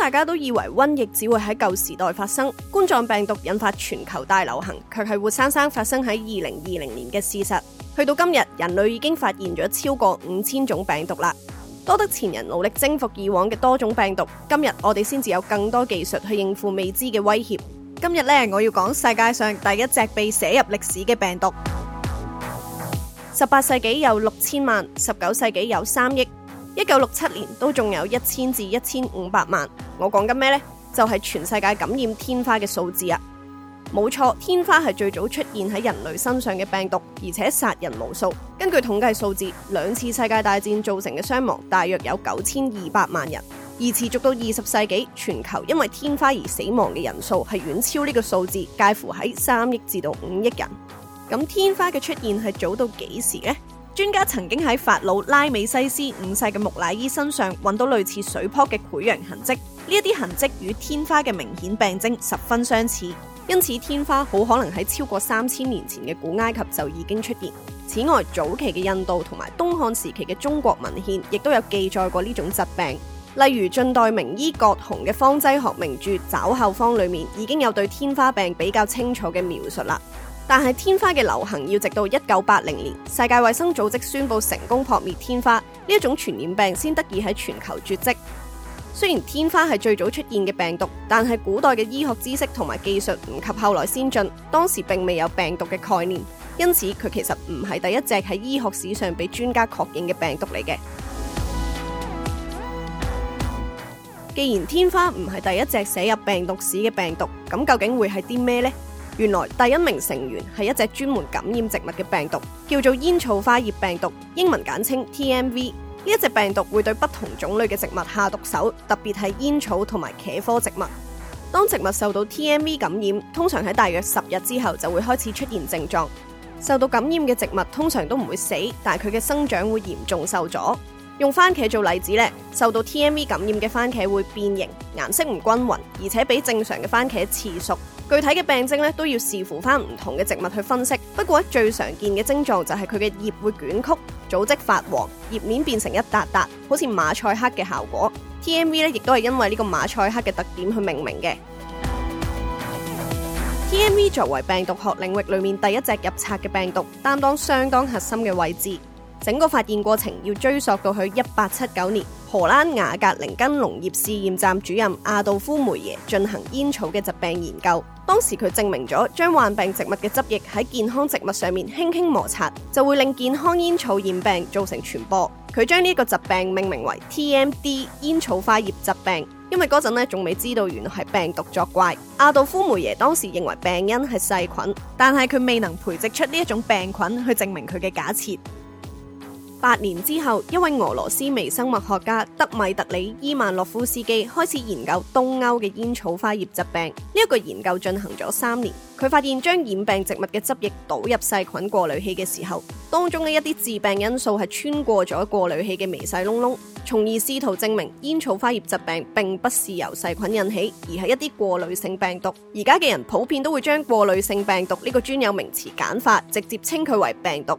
大家都以為瘟疫只會喺舊時代發生，冠狀病毒引發全球大流行，卻係活生生發生喺二零二零年嘅事實。去到今日，人類已經發現咗超過五千種病毒啦，多得前人努力征服以往嘅多種病毒。今日我哋先至有更多技術去應付未知嘅威脅。今日呢，我要講世界上第一隻被寫入歷史嘅病毒。十八世紀有六千萬，十九世紀有三億。一九六七年都仲有一千至一千五百萬，我講緊咩呢？就係全世界感染天花嘅數字啊！冇錯，天花係最早出現喺人類身上嘅病毒，而且殺人無數。根據統計數字，兩次世界大戰造成嘅傷亡大約有九千二百萬人，而持續到二十世紀，全球因為天花而死亡嘅人數係遠超呢個數字，介乎喺三億至到五億人。咁天花嘅出現係早到幾時呢？專家曾經喺法老拉美西斯五世嘅木乃伊身上揾到類似水泡嘅潰瘍痕跡，呢一啲痕跡與天花嘅明顯病徵十分相似，因此天花好可能喺超過三千年前嘅古埃及就已經出現。此外，早期嘅印度同埋東漢時期嘅中國文獻亦都有記載過呢種疾病，例如晉代名醫葛洪嘅方劑學名著《肘後方》裏面已經有對天花病比較清楚嘅描述啦。但係天花嘅流行要直到一九八零年，世界衛生組織宣布成功撲滅天花呢一種傳染病，先得以喺全球絕迹。雖然天花係最早出現嘅病毒，但係古代嘅醫學知識同埋技術唔及後來先進，當時並未有病毒嘅概念，因此佢其實唔係第一隻喺醫學史上畀專家確認嘅病毒嚟嘅。既然天花唔係第一隻寫入病毒史嘅病毒，咁究竟會係啲咩呢？原來第一名成員係一隻專門感染植物嘅病毒，叫做煙草花葉病毒，英文簡稱 T M V。呢一隻病毒會對不同種類嘅植物下毒手，特別係煙草同埋茄科植物。當植物受到 T M V 感染，通常喺大約十日之後就會開始出現症狀。受到感染嘅植物通常都唔會死，但係佢嘅生長會嚴重受阻。用番茄做例子咧，受到 T M V 感染嘅番茄會變形、顏色唔均勻，而且比正常嘅番茄遲熟。具體嘅病徵咧，都要視乎翻唔同嘅植物去分析。不過最常見嘅症狀就係佢嘅葉會捲曲、組織發黃、葉面變成一笪笪，好似馬賽克嘅效果。T M V 咧，亦都係因為呢個馬賽克嘅特點去命名嘅。T M V 作為病毒學領域裏面第一隻入冊嘅病毒，擔當相當核心嘅位置。整個發現過程要追溯到去一八七九年，荷蘭瓦格寧根農業試驗站主任阿道夫梅耶進行煙草嘅疾病研究。當時佢證明咗，將患病植物嘅汁液喺健康植物上面輕輕摩擦，就會令健康煙草染病造成傳播。佢將呢個疾病命名為 TMD 煙草花葉疾病，因為嗰陣咧仲未知道原來係病毒作怪。阿道夫梅耶當時認為病因係細菌，但係佢未能培植出呢一種病菌去證明佢嘅假設。八年之後，一位俄羅斯微生物學家德米特里伊曼洛夫斯基開始研究東歐嘅煙草花葉疾病。呢一個研究進行咗三年，佢發現將染病植物嘅汁液倒入細菌過濾器嘅時候，當中嘅一啲致病因素係穿過咗過濾器嘅微細窿窿，從而試圖證明煙草花葉疾病並不是由細菌引起，而係一啲過濾性病毒。而家嘅人普遍都會將過濾性病毒呢個專有名詞簡化，直接稱佢為病毒。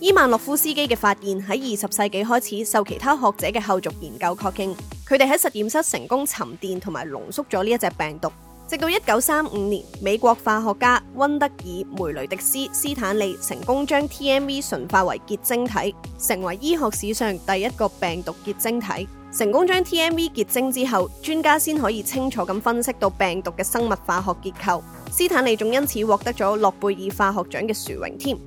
伊萬洛夫斯基嘅發現喺二十世紀開始，受其他學者嘅後續研究確認，佢哋喺實驗室成功沉澱同埋濃縮咗呢一隻病毒。直到一九三五年，美國化學家溫德爾梅雷迪斯斯坦利成功將 T M V 純化為結晶體，成為醫學史上第一個病毒結晶體。成功將 T M V 結晶之後，專家先可以清楚咁分析到病毒嘅生物化學結構。斯坦利仲因此獲得咗諾貝爾化學獎嘅殊榮添。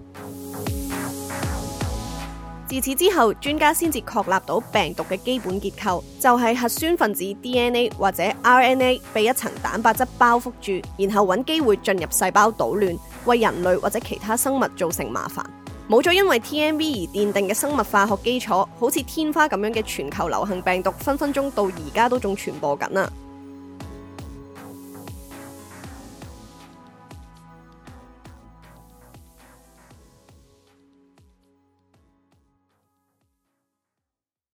自此之後，專家先至確立到病毒嘅基本結構，就係核酸分子 DNA 或者 RNA 被一層蛋白質包覆住，然後揾機會進入細胞搗亂，為人類或者其他生物造成麻煩。冇咗因為 TMV 而奠定嘅生物化學基礎，好似天花咁樣嘅全球流行病毒，分分鐘到而家都仲傳播緊啊！